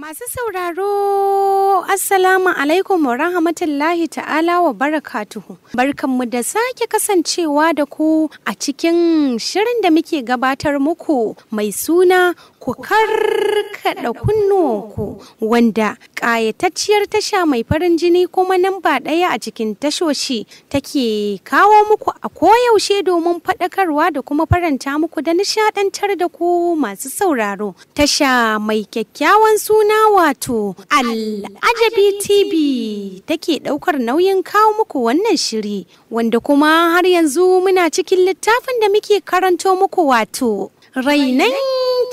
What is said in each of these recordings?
Masu sauraro, Assalamu alaikum wa rahmatullahi ta'ala wa barakatuhu. Barkanmu da sake kasancewa da ku a cikin shirin da muke gabatar muku mai suna ku karkada kunnuwanku wanda ƙayatacciyar tasha mai farin jini kuma nan ba ɗaya a cikin tashoshi take kawo muku a koyaushe domin faɗakarwa da kuma faranta muku da nishaɗantar da ku masu sauraro. Tasha mai kyakkyawan suna wato Al'ajabi TV take ɗaukar nauyin kawo muku wannan shiri wanda kuma har yanzu muna cikin littafin da muke karanto muku wato. rainan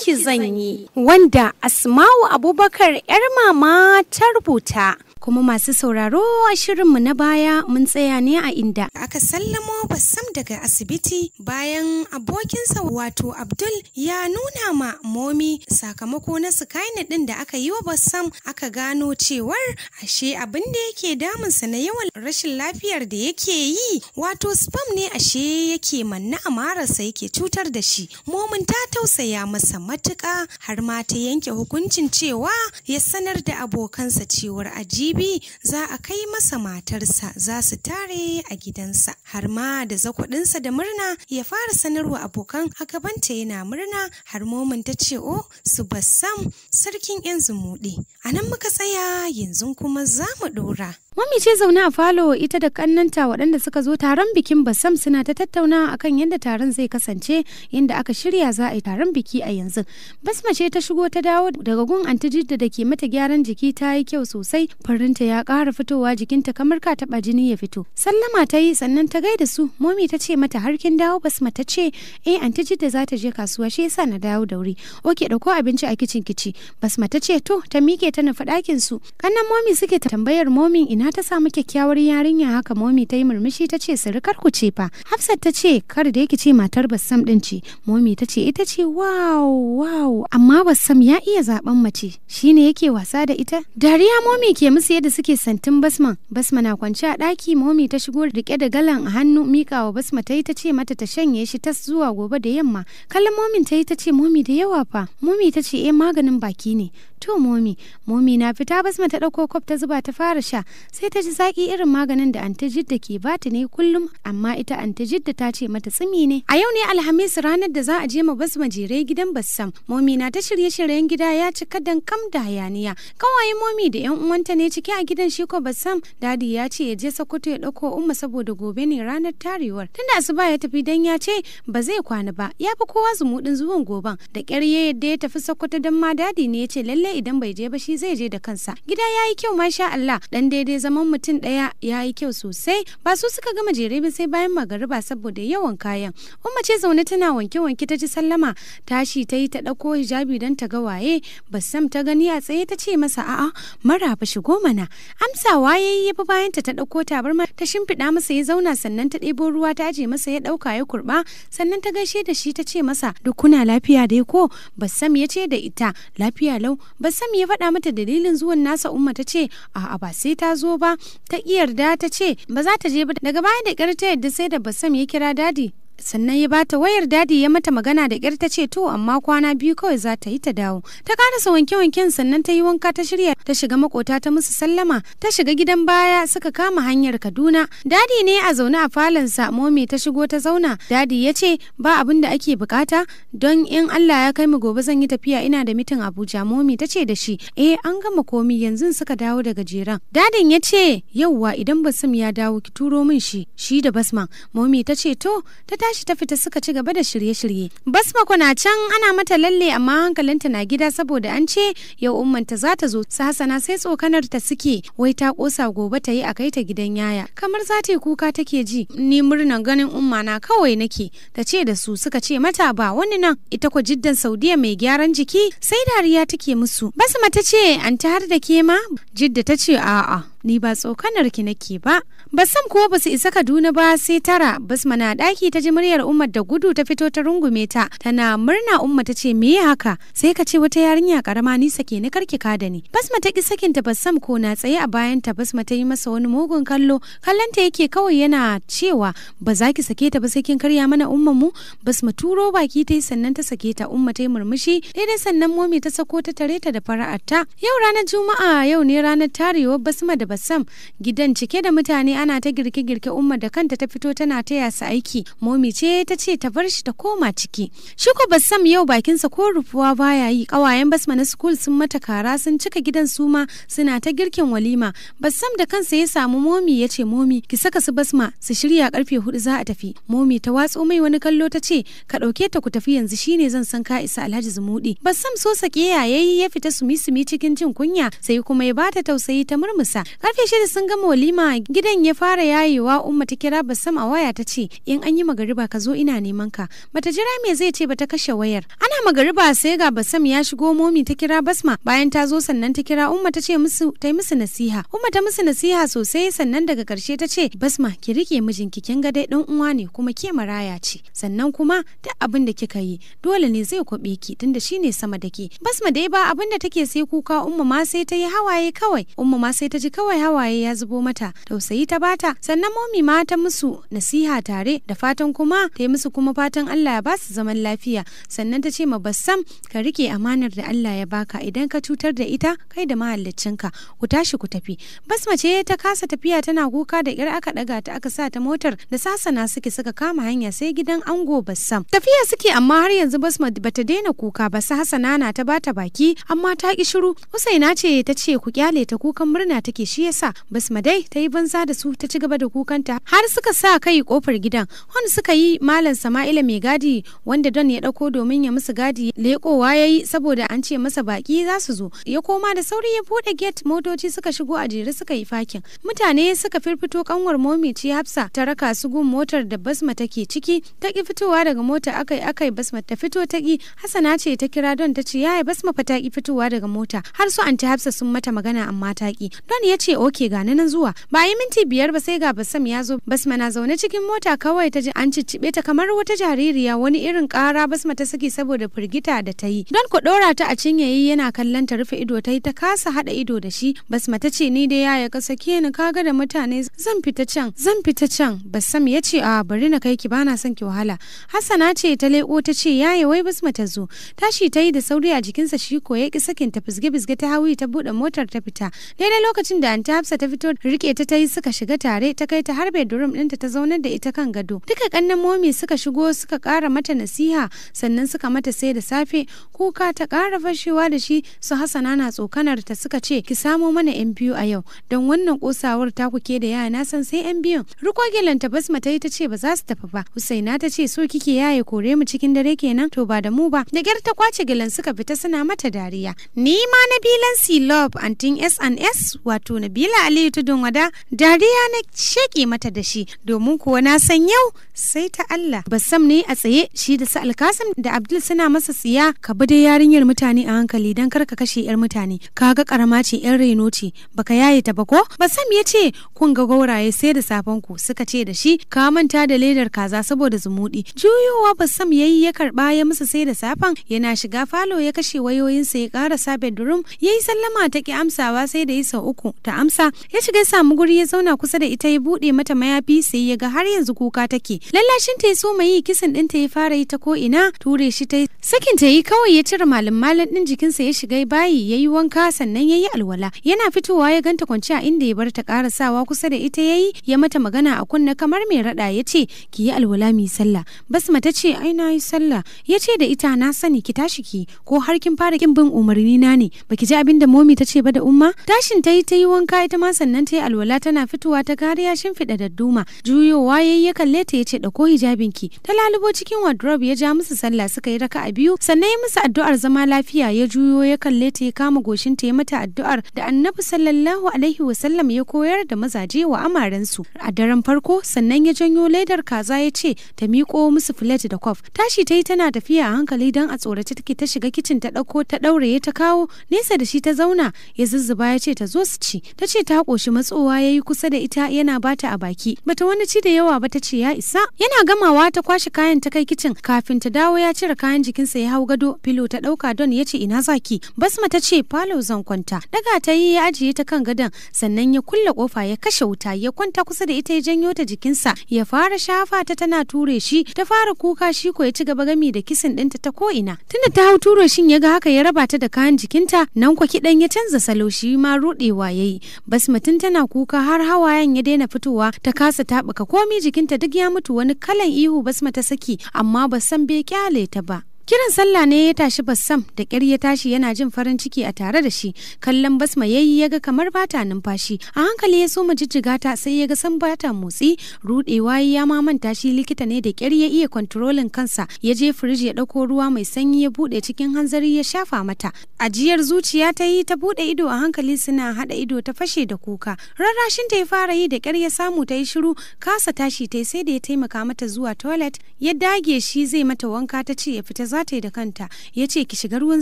ki zanyi wanda asma'u abubakar 'yar mama ta rubuta kuma masu sauraro a shirinmu na baya mun tsaya ne a inda. Aka sallamo Bassam daga asibiti bayan abokinsa wato Abdul ya nuna ma momi sakamako na sukaini ɗin da aka yi wa Bassam aka gano cewar ashe abin da yake damunsa na yawan rashin lafiyar da yake yi wato spam ne ashe yake manna mararsa yake cutar da shi. Momin ta tausaya masa matuka har ma ta yanke hukuncin cewa ya sanar da abokansa cewar ajibi bi za a kai masa matarsa za su tare a gidansa har ma da zakwadinsa da murna ya fara sanarwa abokan hakabanta yana murna har momin ta ce o oh, su basam sarkin yan zumuɗi a nan muka tsaya yanzu kuma za mu ɗora. Mami ce zaune a falo ita da kannanta waɗanda suka zo taron bikin basam suna ta tattauna akan yadda taron zai kasance inda aka shirya za a yi taron biki a yanzu. Basma ce ta shigo ta dawo daga gun antijidda da ke mata gyaran jiki ta yi kyau sosai farin farinta ya ƙara fitowa jikinta kamar ka taɓa jini ya fito. Sallama ta yi sannan ta gaida su, momi ta ce mata har kin dawo basma ta ce eh an ta da za ta je kasuwa shi yasa na dawo da wuri. Oke ɗauko abinci a kicin kici. Basma ta ce to ta miƙe ta nufi ɗakin su. Kannan momi suke ta tambayar momin ina ta samu kyakkyawar yarinya haka momi ta yi murmushi ta ce kar ku ce fa. Hafsat ta ce kar da yake ce matar Bassam ɗin ce. Momi ta ce ita ce wow wow amma Bassam ya iya zaɓen mace shine yake wasa da ita. Dariya momi ke musu sai da suke santin basma basma na kwance a ɗaki momi ta shigo rike da galan a hannu mika wa basma ta yi ta ce mata ta shanye shi tas zuwa gobe da yamma kallon momin ta yi ta ce momi da yawa fa momi ta ce eh maganin baki ne to momi momi na fita basma ta ɗauko kwaf ta zuba ta fara sha sai ta ji zaki irin maganin da anta jidda ke bata ne kullum amma ita anta jidda ta ce mata tsimi ne a yau ne alhamis ranar da za a je ma basma jere gidan bassam momi na ta shirye-shiryen gida ya cika dan kam da hayaniya kawai momi da yan uwanta ne bincike a gidan shi ko basam dadi ya ce ya je sokoto ya dauko umma saboda gobe ne ranar tarewar tunda asuba ya tafi dan ya ce ba zai kwana ba ya fi kowa zumuɗin zuwan goban da ƙyar yadda ya tafi sokoto dan ma dadi ne ya ce lalle idan bai je ba shi zai je da kansa gida ya yi kyau masha Allah dan daidai zaman mutum daya ya yi kyau sosai ba su suka gama jere ba sai bayan magariba saboda yawan kayan umma ce zaune tana wanke-wanke ta ji sallama tashi ta yi ta dauko hijabi dan ta ga waye basam ta gani a tsaye ta ce masa a'a mara fa shigo mana amsawa ya yi yafi bayanta ta ɗauko tabarma ta shimfiɗa masa ya zauna sannan ta ɗebo ruwa ta aje masa ya ɗauka ya kurɓa sannan ta gaishe da shi ta ce masa duk kuna lafiya dai ko basam ya ce da ita lafiya lau basam ya faɗa mata dalilin zuwan nasa umma ta ce a'a ba sai ta zo ba ta ƙi yarda ta ce ba za ta je ba daga baya da ƙyar ta yadda sai da basam ya kira dadi sannan ya bata wayar dadi ya mata magana da kyar ta ce to amma kwana biyu kawai za ta yi ta dawo ta karasa wanke-wanken sannan ta yi wanka ta shirya ta shiga makota ta musu sallama ta shiga gidan baya suka kama hanyar kaduna dadi ne a zaune a falonsa momi ta shigo ta zauna dadi ya ce ba abin da ake bukata don in allah ya kai mu gobe zan yi tafiya ina da mitin abuja momi ta ce da shi eh an gama komi yanzu suka dawo daga jeran dadin ya ce yauwa idan basim ya dawo ki turo min shi shi da basman momi ta ce to ta tashi ta fita suka ci gaba da shirye-shirye. Basma na can ana mata lalle amma hankalinta na gida saboda an ce yau ummanta za ta zo su Hassana sai tsokanar ta suke wai ta kosa gobe ta yi a kai ta gidan yaya. Kamar za ta yi kuka take ji ni murnan ganin umma na kawai nake ta ce da su suka ce mata ba wani nan ita ko jiddan Saudiya mai gyaran jiki sai dariya take musu. Basma ta ce an ta har da ke ma? Jidda ta ce a'a. ni ba tsokanar ki nake ba basam kuwa ba su isa kaduna ba sai tara basma na ɗaki ta ji muryar ummar da gudu ta fito ta rungume ta tana murna umma ta ce me haka sai ka ce wata yarinya karama nisa ke ni karki ka da ni basma ta ki sakin ta basam ko na tsaye a bayan ta basma ta yi masa wani mugun kallo kallon yake kawai yana cewa ba za ki sake ta ba sai kin karya mana umma mu basma turo baki ta yi sannan ta sake ta umma ta yi murmushi daidai sannan momi ta sako ta tare ta da fara'ar ta yau ranar juma'a yau ne ranar tarewa basma da Bassam gidan cike da mutane ana ta girke-girke umma da kanta ta fito tana taya su aiki. Momi ce ta ce ta bar shi ta koma ciki. Shi ko Bassam yau bakinsa ko rufuwa baya yi. kawayen Basma na sukul sun mata kara sun cika gidan su ma suna ta girkin walima. Bassam da kansa ya samu Momi ya ce Momi ki saka su Basma su shirya karfe hudu za a tafi. Momi ta watsu mai wani kallo ta ce ka ɗauke ta ku tafi yanzu shine zan san ka isa Alhaji Zumuɗi. Bassam so sake yayayi ya fita sumi sumi cikin jin kunya sai kuma ya bata tausayi ta murmusa Karfe shida sun gama walima gidan ya fara yayewa umma ta kira basam a waya ta ce in an yi magariba ka zo ina neman ka. Bata jira me zai ce bata kashe wayar. Ana magariba sai ga basam ya shigo momi ta kira basma bayan ta zo sannan ta kira umma ta ce musu ta musu nasiha. Umma ta musu nasiha sosai sannan daga karshe ta ce basma ki rike mijinki kin ga dai dan uwa ne kuma ke maraya ce. Sannan kuma duk abin da kika yi dole ne zai kwabe ki tunda shine sama da ke. Basma dai ba abin da take sai kuka umma ma sai ta yi hawaye kawai. Umma ma sai ta ji kawai kawai hawaye ya zubo mata tausayi ta bata sannan momi ma ta musu nasiha tare da fatan kuma ta yi musu kuma fatan Allah ya basu zaman lafiya sannan ta ce ma bassam ka rike amanar da Allah ya baka idan ka cutar da ita kai da mahallicinka ku tashi ku tafi basma ce ta kasa tafiya tana kuka da kyar aka daga ta aka sa ta motar da sasana suke suka kama hanya sai gidan ango bassam tafiya suke amma har yanzu basma bata daina kuka ba sa hasana na ta bata baki amma ta ki shiru husaina ce ta ce ku kyale ta kukan murna take shi shi yasa basma dai ta yi banza da su ta ci gaba da kukanta har suka sa kai kofar gidan wani suka yi malam sama'ila mai gadi wanda don ya dauko domin ya musu gadi lekowa ya yi saboda an ce masa baki za su zo ya koma da sauri ya bude gate motoci suka shigo a jere suka yi fakin mutane suka firfito kanwar momici hafsa ta raka su gun motar da basma take ciki ta ki fitowa daga mota akai akai basma ta fito ta ki hasana ce ta kira don ta ce yaya basma fa ta ki fitowa daga mota har su anti hafsa sun mata magana amma ta ki don ya ce ce oke gane nan zuwa bayan minti biyar ba sai ga basam ya zo basma na zaune cikin mota kawai ta ji an ciccibe ta kamar wata jaririya wani irin kara basma ta saki saboda firgita da ta yi don ku dora ta a cinyayi yana kallon ta rufe ido ta yi ta kasa hada ido da shi basma ta ce ni da ya ka sake ni kaga da mutane zan fita can zan fita can basam ya ce a bari na kai ki bana son ki wahala hassana ce ta leko ta ce yaya wai basma ta zo tashi ta yi da sauri a jikinsa shi ko ya ki sakin ta fisge fisge ta hawi ta bude motar ta fita daidai lokacin da anti Hafsa ta fito rike ta tayi suka shiga tare ta kai ta har bedroom ɗinta ta zaunar da ita kan gado. Duka kannan momi suka shigo suka ƙara mata nasiha sannan suka mata sai da safe kuka ta ƙara fashewa da shi su Hassana na tsokanar ta suka ce ki samo mana yan biyu a yau don wannan kosawar ta kuke da yaya na san sai yan biyun. Riko ta basma ta yi ta ce ba za su tafi ba. Husaina ta ce so kike yaye kore mu cikin dare kenan to ba da mu ba. Da ta kwace gilan suka fita suna mata dariya. Ni ma na bilan C Love antin S&S wato na Nabila Aliyu Tudun Wada dariya na sheƙe mata da shi domin kuwa na san yau sai ta Allah. Bassam ne a tsaye shi da su Alkasim da Abdul suna masa tsiya ka bi da yarinyar mutane a hankali dan kar ka kashe yar mutane. Ka ga karama ce yar reno ce baka yaye ta ba ko? Bassam ya ce kun ga gauraye sai da safen ku suka ce da shi ka manta da ledar kaza saboda zumudi. Juyowa Bassam yayi ya karba ya masa sai da safen yana shiga falo ya kashe wayoyinsa ya ƙara durum bedroom yayi sallama ta ki amsawa sai da yi sau uku ta amsa ya shiga samu guri ya zauna kusa da ita ya buɗe mata mayafi sai ya ga har yanzu kuka take lallashin ta ya so mai yi kisan ta ya fara yi ta ko ina ture shi ta sakin ta yi kawai ya cire malam malam ɗin jikinsa ya shiga bayi ya yi wanka sannan ya yi alwala yana fitowa ya ganta kwance a inda ya bar ta sawa kusa da ita ya yi ya mata magana a kunna kamar mai raɗa ya ce ki yi alwala mai sallah basma ta ce ai na yi sallah ya ce da ita na sani ki tashi ki ko har kin fara kin bin umarni na ne baki ji abinda momi ta ce ba da umma tashin ta yi ta yi wanka wanka ita ma sannan ta yi alwala tana fitowa ta kariya shimfiɗa da duma juyowa ya ya kalle ta ya ce ɗauko hijabinki ta lalubo cikin wardrobe ya ja musu sallah suka yi raka a biyu sannan ya musu addu'ar zama lafiya ya juyo ya kalle ta ya kama goshin ta ya mata addu'ar da annabi sallallahu alaihi wasallam ya koyar da mazaje wa amarensu a daren farko sannan ya janyo ledar kaza ya ce ta miƙo musu filet da kwaf tashi ta yi tana tafiya a hankali don a tsorace take ta shiga kicin ta ɗauko ta ɗauraye ta kawo nesa da shi ta zauna ya zuzzuba ya ce ta zo su ci ta ce ta koshi matsowa ya yi kusa da ita yana bata a baki bata wani ci da yawa ba ta ce ya isa yana gamawa ta kwashe kayan ta kai kicin kafin ta dawo ya cire kayan jikinsa ya hau gado filo ta ɗauka don ya ce ina zaki basma ta ce falo zan kwanta daga ta yi ya ajiye ta kan gadon sannan ya kulle kofa ya kashe wuta ya kwanta kusa da ita ya janyo ta jikinsa ya fara shafa ta tana ture shi ta fara kuka shi ko ya ci gaba gami da kisin ɗinta ta ko'ina tunda ta hau ture shin ya ga haka ya raba ta da kayan jikinta nan kwaki dan ya canza salo shi ma ruɗewa yayi Basmatun basmatin tana kuka har hawayen ya daina fitowa ta kasa taɓuka komi jikinta duk ya mutu wani kalan ihu basma ta saki amma ba san bai kyale ta ba Kiran sallah ne ya tashi Bassam da kyar ya tashi yana jin farin ciki a tare da shi. Kallon Basma yayi ya ga kamar bata numfashi. A hankali ya so mu jijjiga ta sai ya ga san bata motsi, rudewa ya mamanta shi likita ne da kyar ya iya kwantrolin kansa. Ya je firij ya ɗauko ruwa mai sanyi ya buɗe cikin hanzari ya shafa mata. Ajiyar zuciya ta yi ta buɗe ido a hankali suna haɗa ido ta fashe da kuka. Rarrashin ta ya fara yi da kyar ya samu ta yi shiru, kasa tashi ta sai da ya taimaka mata zuwa toilet. Ya dage shi zai mata wanka ta ce ya fita za ta yi da kanta ya ce ki shiga ruwan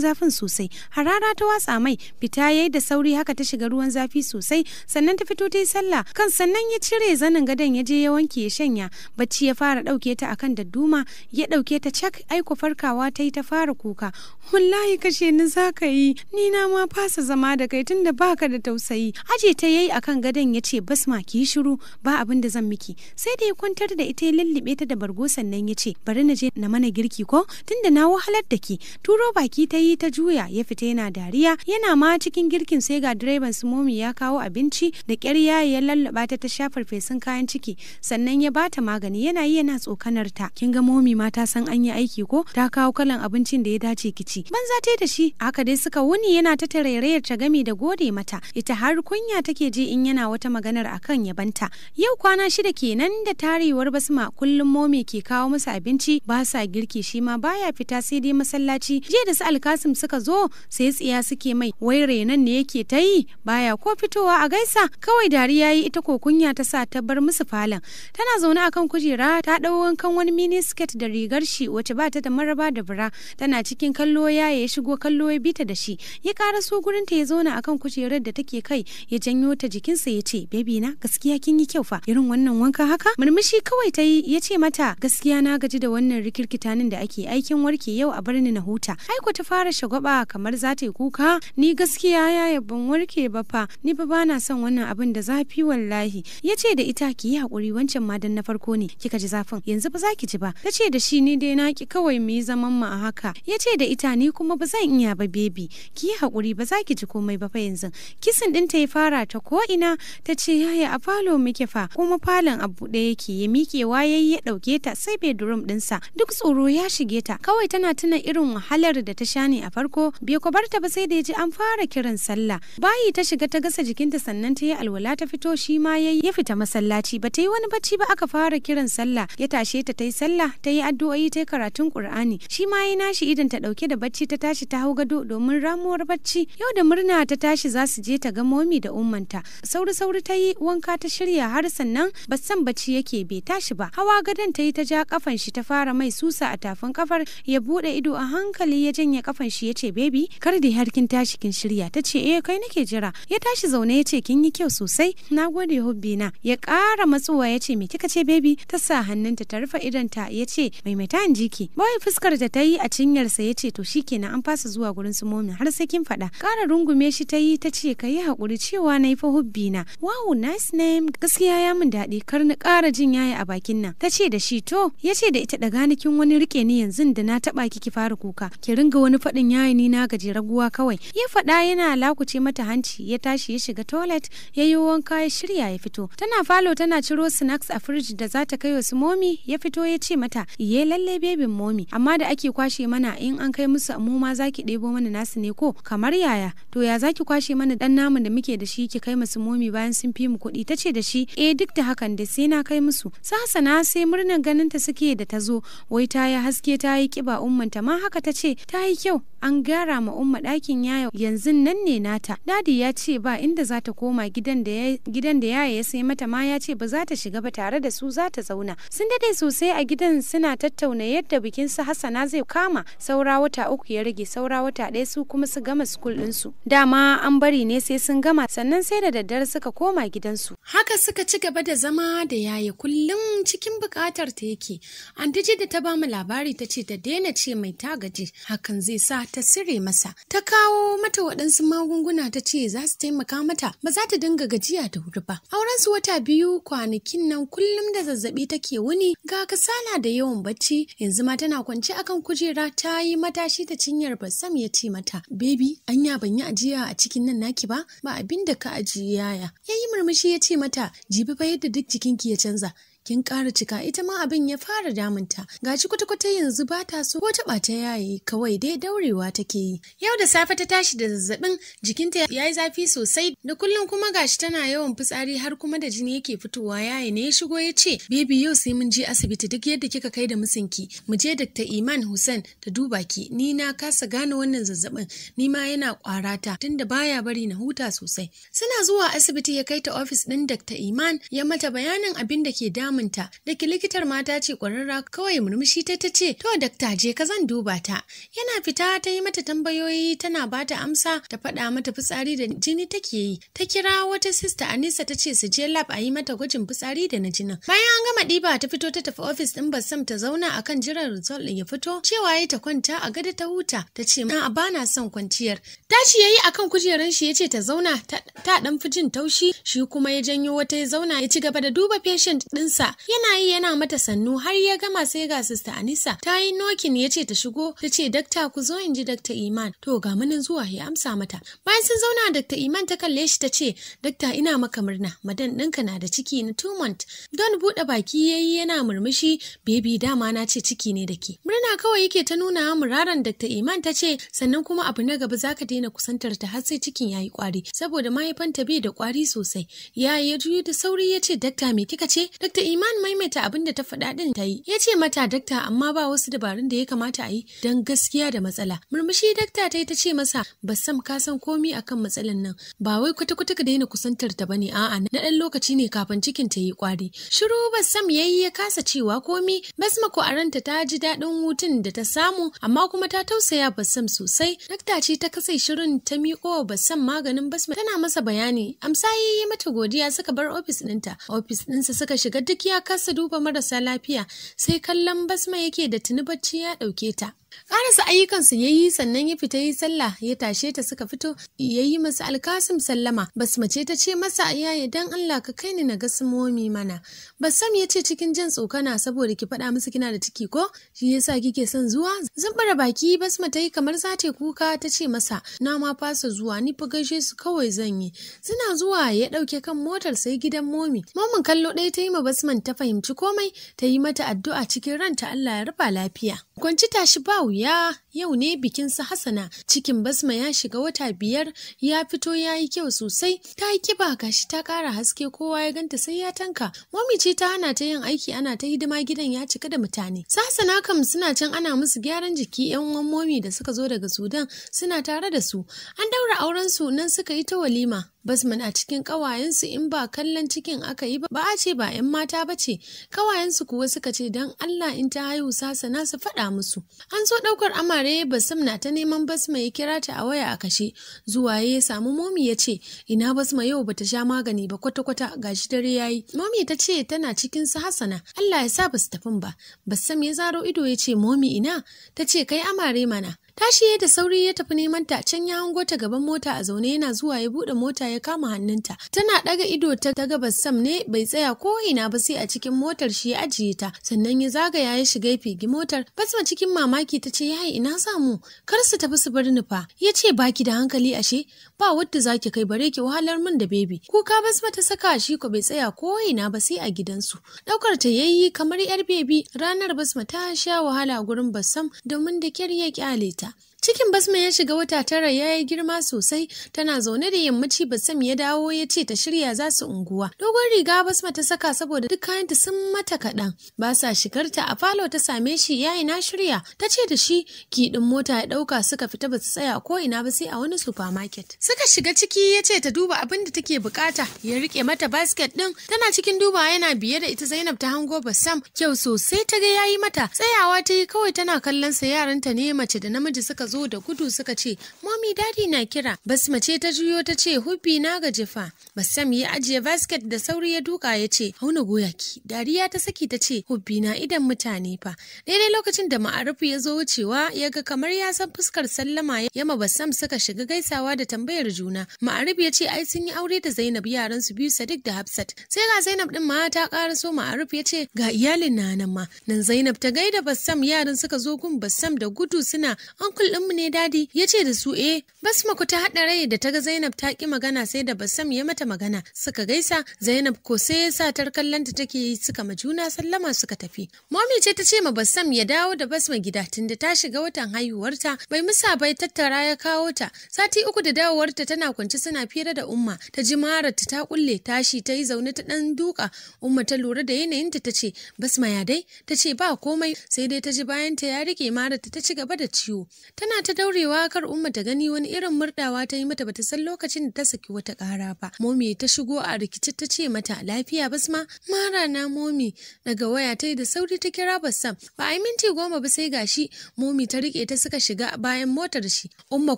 zafin sosai harara ta watsa mai fita ya yi da sauri haka ta shiga ruwan zafi sosai sannan ta fito ta yi sallah kan sannan ya cire zanin gadon ya je ya wanke ya shanya bacci ya fara ɗauke ta akan dadduma ya ɗauke ta cak aiko farkawa ta yi ta fara kuka wallahi kashe ni za ka yi ni na ma fasa zama da kai tunda baka da tausayi aje ta yayi akan gadon ya ce basma ki shiru ba abin da zan miki sai da ya kwantar da ita ya lullube ta da bargo sannan ya ce bari na je na mana girki ko tunda na wahalar da ke turo baki ta yi ta juya ya fita yana dariya yana ma cikin girkin sai ga direban su momi ya kawo abinci da ƙyar ya lallaba ta ta shafar fesin kayan ciki sannan ya bata magani yana yi yana tsokanar ta kin ga momi ma ta san an yi aiki ko ta kawo kalan abincin da ya dace ki ci banza ta da shi haka dai suka wuni yana ta tarairayar ta gami da gode mata ita har kunya take je in yana wata maganar akan yabanta yau kwana shida kenan da tarewar basma kullum momi ke kawo musu abinci ba sa girki shi ma baya fita makaranta sai dai masallaci jiya da su alkasim suka zo sai tsiya suke mai wai renan ne yake ta yi baya ko fitowa a gaisa kawai dariya yi ita ko kunya ta sa ta bar musu falon tana zaune akan kujera ta ɗau wankan wani mini skirt da rigar shi wacce ba ta da maraba da bura tana cikin kallo ya ya shigo kallo ya bita da shi ya ƙara so gurin ta ya zauna akan kujerar da take kai ya janyo ta jikinsa ya ce baby na gaskiya kin yi kyau fa irin wannan wanka haka murmushi kawai ta yi ya ce mata gaskiya na gaji da wannan rikirkitanin da ake aikin warki ke yau a birnin na huta ai ta fara shagwaba kamar za ta yi kuka ni gaskiya yaya ban warke ba fa ni ba bana son wannan abin da zafi wallahi Yace da ita ki yi hakuri wancan ma dan na farko ne kika ji zafin yanzu ba za ki ji ba ta ce da shi ni dai na ki kawai mu yi zaman mu a haka Yace da ita ni kuma ba zan iya ba bebi ki yi hakuri ba za ki ji komai ba fa yanzu kisin din ta ya fara ta ko ina ta ce yaya a falo muke fa kuma falon abu ɗaya yake ya miƙewa yayi ya ɗauke ta sai bedroom ɗinsa duk tsoro ya shige ta kawai kawai tana tuna irin wahalar da ta sha ne a farko bai ko barta ba sai da ya ji an fara kiran sallah bayi ta shiga ta gasa jikinta sannan ta yi alwala ta fito shi ma ya ya fita masallaci ba ta yi wani bacci ba aka fara kiran sallah ya tashe ta ta yi sallah ta yi addu'o'i ta yi karatun qur'ani shi ma ya nashi idan ta dauke da bacci ta tashi ta hau gado domin ramuwar bacci yau da murna ta tashi za su je ta ga momi da ummanta sauri sauri ta yi wanka ta shirya har sannan ba san bacci yake bai tashi ba hawa gadon ta yi ta ja kafan shi ta fara mai susa a tafin kafar ya ya bude ido a hankali ya janye kafan shi ya ce baby kar da har kin tashi kin shirya ta ce eh kai nake jira ya tashi zaune ya ce kin yi kyau sosai na gode hobbi na ya kara matsuwa ya ce me kika ce baby ta sa hannunta ta rufe idonta ya ce maimaita an jiki bawai fuskar ta ta yi a cinyarsa ya ce to shikenan an fasa zuwa gurin su momin har sai kin faɗa kara rungume shi ta yi ta ce ka yi haƙuri cewa na yi fa hobbi na wow nice name gaskiya ya min daɗi kar ni ƙara jin yaya a bakin nan ta ce da shi to ya ce da ita daga nikin wani rike ni yanzu da na taba ki ki fara kuka ki ringa wani fadin yayi ni na gaje raguwa kawai ya fada yana lakuce mata hanci ya tashi ya shiga toilet ya yi wanka ya shirya ya fito tana falo tana ciro snacks a fridge da za ta kai su momi ya fito ya ce mata iye lalle bebin momi amma da ake kwashe mana in an kai musu mu ma zaki debo mana nasu ne ko kamar yaya to ya zaki kwashe mana dan namun da muke da shi ki kai musu momi bayan sun fi mu kuɗi tace da shi eh duk da hakan da sai na kai musu sasana sai murnar ganin ta suke da ta zo wai ta yi haske ta yi kiba wa ummanta ma haka ta ce ta yi kyau an gyara ma umma ɗakin yayo yanzu nan ne nata dadi ya ce ba inda za ta koma gidan da yaya ya sai mata ma ya ce ba za ta shiga ba tare da su za ta zauna sun dade sosai a gidan suna tattauna yadda bikin su hasana zai kama saura wata uku ya rage saura wata ɗaya su kuma su gama sukul ɗinsu dama an bari ne sai sun gama sannan sai da daddare suka koma gidansu haka suka ci gaba da zama da yaya kullum cikin bukatar ta yake an da ta ba mu labari ta ce ta daina Jamila ce mai tagaji hakan zai sa ta sire masa. Ta kawo mata waɗansu magunguna ta ce za su taimaka mata ba za ta dinga gajiya da wuri ba. Auren su wata biyu kwanakin nan kullum da zazzabi take wuni ga kasala da yawan bacci yanzu ma tana kwance akan kujera ta yi matashi ta cinyar basam ya ce mata baby anya ban yi ajiya a cikin nan naki ba ba abinda ka ajiye yaya. Ya yi murmushi ya ce mata jibi fa yadda duk jikinki ya canza kin ƙara cika ita ma abin ya fara damunta gashi kwata-kwata yanzu ba ta so ko taɓa ta yaye kawai dai daurewa take yi yau da safe ta tashi da zazzabin jikinta ya yi zafi sosai da kullum kuma gashi tana yawan fitsari har kuma da jini yake fitowa yaye ne ya shigo ya ce bebi yau sai mun je asibiti duk yadda kika kai da musinki mu je Dr. Iman Hussein ta duba ki ni na kasa gane wannan zazzabin ni ma yana kwarata tunda baya bari na huta sosai suna zuwa asibiti ya kai ta ofis ɗin Dr. Iman ya mata bayanin abin da ke dama. samunta da likitar mata ce ƙwararra kawai murmushi ta ta ce to dakta je ka zan duba ta yana fita ta yi mata tambayoyi tana bata amsa ta faɗa mata fitsari da jini take yi ta kira wata sista Anisa ta ce su je lab a yi mata gwajin fitsari da na jinin bayan an gama ɗiba ta fito ta tafi ofis ɗin basam ta zauna akan jiran result ya fito cewa ya ta kwanta a gada ta huta ta ce a bana son kwanciyar tashi yayi akan kujerar shi ya ce ta zauna ta dan fi jin taushi shi kuma ya janyo wata ya zauna ya ci gaba da duba patient ɗinsa masa yana yi yana mata sannu har ya gama sai ga sista Anisa ta yi nokin ya ce ta shigo ta ce dakta ku zo in ji dakta Iman to ga munin zuwa ya amsa mata bayan sun zauna dakta Iman ta kalle shi ta ce dakta ina maka murna madan ɗinka na da ciki na two month don buɗe baki yayi yana murmushi baby dama na ce ciki ne da ke murna kawai yake ta nuna muraran dakta Iman ta ce sannan kuma abu na gaba zaka daina kusantar ta har sai cikin yayi kwari saboda mahaifanta bai da kwari sosai ya ya juyu da sauri ya ce dakta me kika ce dakta iman maimaita abin da ta faɗa ɗin ta yi. Ya ce mata dakta amma ba wasu dabarun da ya kamata a yi don gaskiya da matsala. Murmushi dakta ta yi ta ce masa basam ka san komi akan matsalan nan ba wai kwata-kwata ka daina kusantar ta ba ne. a'a na ɗan lokaci ne kafin cikin ta yi kwari. Shiru basam ya yi ya kasa cewa komi Basma ko aran ta ta ji daɗin hutun da ta samu amma kuma ta tausaya basam sosai. Dakta ce ta kasai shirin ta miƙo basam maganin Basma tana masa bayani amsa yi mata godiya suka bar ofis ɗinta. Ofis ɗinsa suka shiga duk duk ya kasa duba marasa lafiya sai kallon basma yake da tuni bacci ya ɗauke ta Karasa ayyukansu ya yi sannan ya fita yi sallah ya tashe ta suka fito ya yi masa alkasim sallama basmace ta ce masa yaya dan Allah ka kai ni na ga sumomi mana. sam ya ce cikin jin tsokana saboda ki faɗa musu kina da ciki ko shi yasa kike son zuwa. zan bara baki basma ta yi kamar za ta kuka ta ce masa na ma fasa zuwa ni fa gaishe su kawai zan yi. Suna zuwa ya ɗauke kan motar sai gidan momi. Momin kallo ɗaya ta yi ma basman ta fahimci komai ta yi mata addu'a cikin ranta Allah ya rufa lafiya. Kwanci tashi ba yeah, yau ne bikin su Hassana cikin basma ya shiga wata biyar ya fito ya yi kyau sosai ta yi kiba gashi ta kara haske kowa ya ganta sai ya tanka mami ce ta hana ta yin aiki ana ta hidima gidan ya cika da mutane su hasana kam suna can ana musu gyaran jiki yan uwan momi da suka zo daga Sudan suna tare da su an daura auren su nan suka yi ta walima Basma na cikin ƙawayensu in ba kallon cikin aka yi ba a ce ba 'yan mata ba ce, ƙawayensu kuwa suka ce dan Allah in ta haihu sasana su faɗa musu. An so ɗaukar amare yare basim na ta neman basma ya kira ta a waya a kashe zuwa ya samu momi ya ce ina basma yau bata sha magani ba kwata-kwata gashi dare ya yi. momi ta ce tana cikin su hasana Allah ya sa basu tafin ba basim ya zaro ido ya ce momi ina ta ce kai amare mana tashi da sauri ya tafi neman ta can ya hango ta gaban mota a zaune yana zuwa ya bude mota ya kama hannunta tana daga ido ta ta gabas sam ne bai tsaya ko ina ba sai a cikin motar shi ya ajiye ta sannan ya zagaya ya shiga ya fegi motar basma cikin mamaki ta ce yayi ina samu kar su tafi su bar ni fa ya ce baki da hankali ashe ba wadda zaki kai bare ki wahalar min da bebi kuka basma ta saka shi ko bai tsaya ko ina ba sai a gidansu daukar ta yayi kamar yar bebi ranar basma ta sha wahala gurin basam, domin da kyar ya kyale ta Cikin basma ya shiga wata tara ya yi girma sosai tana zaune da yammaci basam ya dawo ya ce ta shirya za su unguwa. Dogon riga basma ta saka saboda duk kayanta sun mata kaɗan. Ba sa shigarta a falo ta same shi ya yi na shirya ta ce da shi kiɗin mota ya ɗauka suka fita ba su tsaya ko ina ba sai a wani supermarket. Suka shiga ciki ya ce ta duba abin da take bukata ya rike mata basket ɗin tana cikin duba yana biye da ita Zainab ta hango basam kyau sosai ta ga yayi mata tsayawa ta yi kawai tana kallon sa yaranta ne mace da namiji suka zo zo da gudu suka ce momi dadi na kira basma ce ta juyo ta ce hubbi na ga jifa bassam ya ajiye basket da sauri ya duka ya ce hauna goya ki dariya ta saki ta ce hubbi na idan mutane fa daidai lokacin da ma'arufu ya zo wucewa ya ga kamar ya san fuskar sallama ya ma bassam suka shiga gaisawa da tambayar juna ma'arufu ya ce ai sun yi aure da zainab yaran su biyu sadiq da hafsat sai ga zainab din ma ta so ma'aruf ya ce ga iyalin na nan ma nan zainab ta gaida bassam yaran suka zo gun bassam da gudu suna ankul ɗinmu ne dadi ya ce da su eh bas ku ta haɗa rai da ta ga zainab ta ki magana sai da basam ya mata magana suka gaisa zainab ko sai ya sa tarkallanta take yi suka ma juna sallama suka tafi momi ce ta ce ma basam ya dawo da basma gida tunda ta shiga watan haihuwarta bai musa bai tattara ya kawo ta sati uku da dawowarta tana kwance suna fira da umma ta ji mara ta kulle tashi ta yi zaune ta dan duka umma ta lura da yanayinta ta ce basma ya dai ta ce ba komai sai dai ta ji bayan ta ya rike marata ta ci gaba da ciwo ta tana ta daurewa kar umma ta gani wani irin murdawa ta yi mata bata san lokacin da ta saki wata kara ba momi ta shigo a rikici ta ce mata lafiya basma mara na momi daga waya ta yi da sauri ta kira bassam ba a yi minti goma ba sai gashi momi ta rike ta suka shiga bayan motar shi umma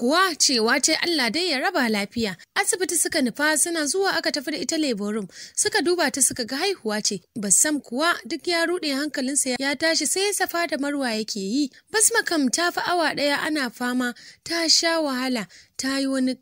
kuwa cewa ce Allah dai ya raba lafiya asibiti suka nufa suna zuwa aka tafi da ita leborum suka duba ta suka ga haihuwa ce bassam kuwa duk ya rude hankalinsa ya tashi sai safa da marwa yake yi basma kam ta fi awa ɗaya ana fama ta sha wahala ta yi wani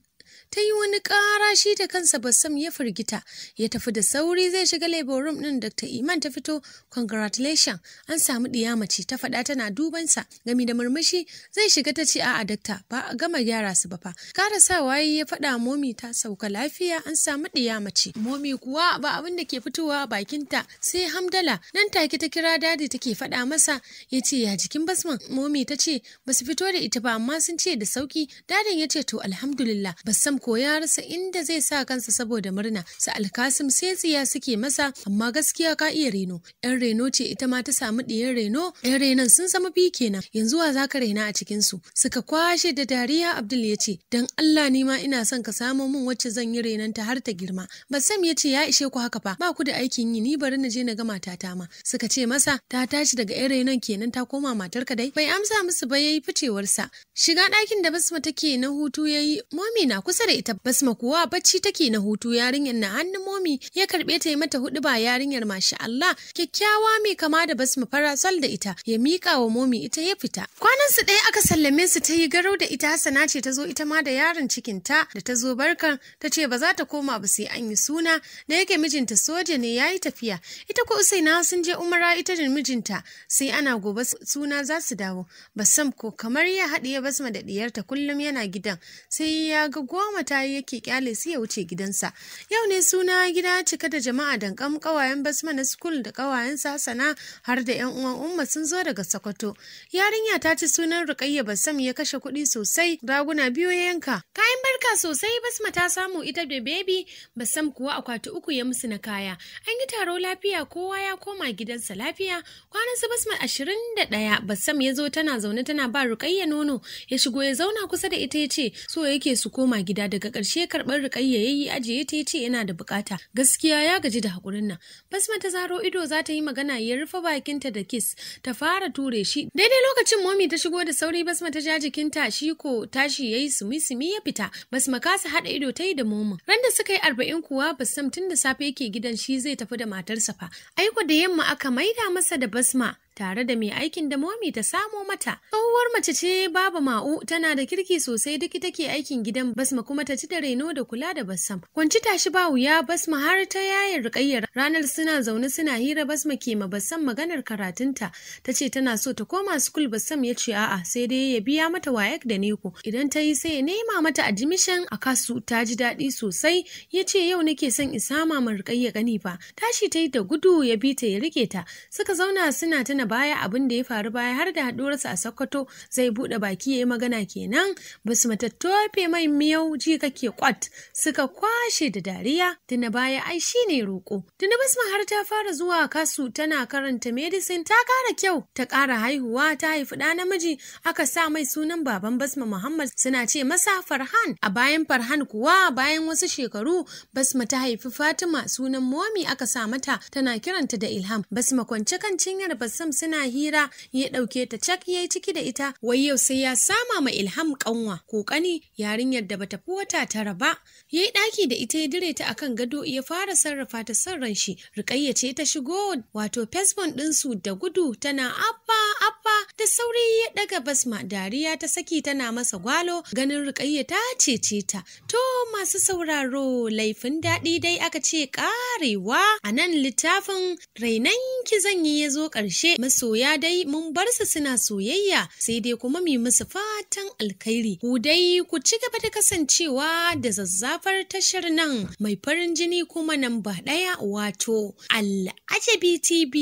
ta yi wani ƙara shi da kansa sam ya firgita ya tafi da sauri zai shiga labor room din Dr. Iman ta fito congratulation an samu mace ta faɗa tana duban sa gami da murmushi zai shiga ta ce a'a dakta ba a gama gyara su ba fa sa waye ya faɗa momi ta sauka lafiya an samu mace momi kuwa ba abin da ke fitowa bakinta sai hamdala nan take ta kira dadi take faɗa masa ya ce ya jikin basman momi ta ce ba su fito da ita ba amma sun ce da sauki dadin ya ce to alhamdulillah bassam ko rasa inda zai sa kansa saboda murna su alkasim sai tsiya suke masa amma gaskiya ka iya reno yan reno ce ita ma ta samu ɗiyan reno yan renon sun zama bi kenan yanzu wa zaka raina a cikin su suka kwashe da dariya abdul ya ce dan allah ni ma ina son ka samo min wacce zan yi renon ta har ta girma Basam ya ce ya ishe ku haka fa ba ku da aikin yi ni bari na je na ga matata ma suka ce masa ta tashi daga yan renon kenan ta koma matarka dai bai amsa musu ba yayi ficewarsa shiga ɗakin da basma take na hutu yayi momi na kusa kare ita basma kuwa bacci take na hutu yarinyar na hannun momi ya karbe ta yi mata hudu ba yarinyar masha Allah kyakkyawa mai kama da basma farasol da ita ya mika wa momi ita ya fita kwanan su ɗaya aka sallame su ta yi garau da ita Hassana ce ta zo ita ma da yaron cikin ta da ta zo barkan ta ce ba za ta koma ba sai an yi suna da yake mijinta soja ne ya yi tafiya ita ko Usaina sun je Umara ita da mijinta sai ana gobe suna za su dawo Basam ko kamar ya haɗiye basma da ɗiyarta kullum yana gidan sai ya ga goma sallama ta yi yake kyale su ya wuce gidansa yau ne suna gida cika da jama'a dankam kawayen basma na school da kawayen sasana har da yan uwan umma sun zo daga sokoto yarinya ta ci sunan rukayya basam ya kashe kuɗi sosai raguna biyu ya yanka kayan barka sosai basma ta samu ita da baby basam kuwa akwati uku ya musu na kaya an yi taro lafiya kowa ya koma gidansa lafiya kwanan su basma ashirin da ɗaya basam ya zo tana zaune tana ba rukayya nono ya shigo ya zauna kusa da ita ya ce so yake su koma gida daga ƙarshe karɓar rikayya ya yi ajiye ta ce yana da bukata gaskiya ya gaji da hakurin nan basma ta zaro ido za ta yi magana ya rufe bakinta da kis ta fara ture shi daidai lokacin momi ta shigo da sauri basma ta ja jikinta shi ko tashi yayi sumi sumi ya fita basma kasa haɗa ido ta yi da momin randa suka yi arba'in kuwa basam tun da safe yake gidan shi zai tafi da matarsa fa aiko da yamma aka maida masa da basma tare da mai aikin da momi ta samo mata. Tsohuwar mace ce baba ma'u tana da kirki sosai duk ita ke aikin gidan basma kuma ta ci da reno da kula da basam. Kwanci tashi ba wuya basma har ta yaye rikayyar ranar suna zaune suna hira basma ke ma basam maganar karatunta ta ce tana so ta koma sukul basam ya ce a'a sai dai ya biya mata wayak da neko idan ta yi sai ya nema mata admission a kasu ta ji daɗi sosai ya ce yau nake son in sama ma rikayya gani ba. tashi ta yi da gudu ya bi ta ya rike ta suka zauna suna tana baya abin da ya faru baya har da haɗuwarsa a Sokoto zai buɗe baki ya yi magana kenan basu ta tofe mai miyau ji kake kwat suka kwashe da dariya tuna baya ai shine roƙo tuna Basma har ta fara zuwa kasu tana karanta medicine ta kara kyau ta kara haihuwa ta haifi ɗa namiji aka sa mai sunan baban Basma Muhammad suna ce masa Farhan a bayan Farhan kuwa bayan wasu shekaru Basma ta haifi Fatima sunan Momi aka sa mata tana kiranta da Ilham Basma kwance kan cinyar Bassam suna hira ya ɗauke ta cak ya yi ciki da ita wai yau sai ya sama ma Ilham ƙanwa kokani yarinyar da bata fi wata tara ba. Ya yi ɗaki da ita ya dire ta akan gado ya fara sarrafa ta son shi. Rukayya ce ta shigo wato fesbon su da gudu tana abba abba da sauri ya ɗaga basma dariya ta saki tana masa gwalo ganin Rukayya ta cece ta. To masu sauraro laifin daɗi dai aka ce ƙarewa a nan littafin rainan ki zan yi ya zo ƙarshe masoya dai mun bar su suna soyayya sai dai kuma mu musu fatan alkhairi ku dai ku ci gaba da kasancewa da zazzafar tashar nan mai farin jini kuma nan ba ɗaya wato al'ajabi tv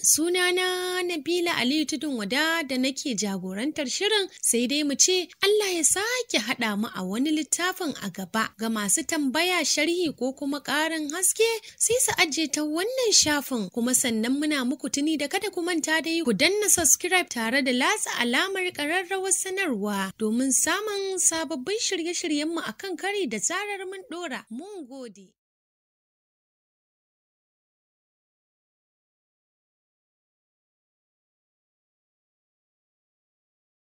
sunana nabila aliyu tudun wada da nake jagorantar shirin sai dai mu ce allah ya sake haɗa mu a wani littafin a gaba ga masu tambaya sharhi ko kuma ƙarin haske sai su ajiye ta wannan shafin kuma sannan muna muku tuni da kada ku manta dai ku danna subscribe tare da latsa alamar ƙararrawar sanarwa domin samun sababbin shirye-shiryenmu akan kari da tsarar mun ɗora. Mun gode.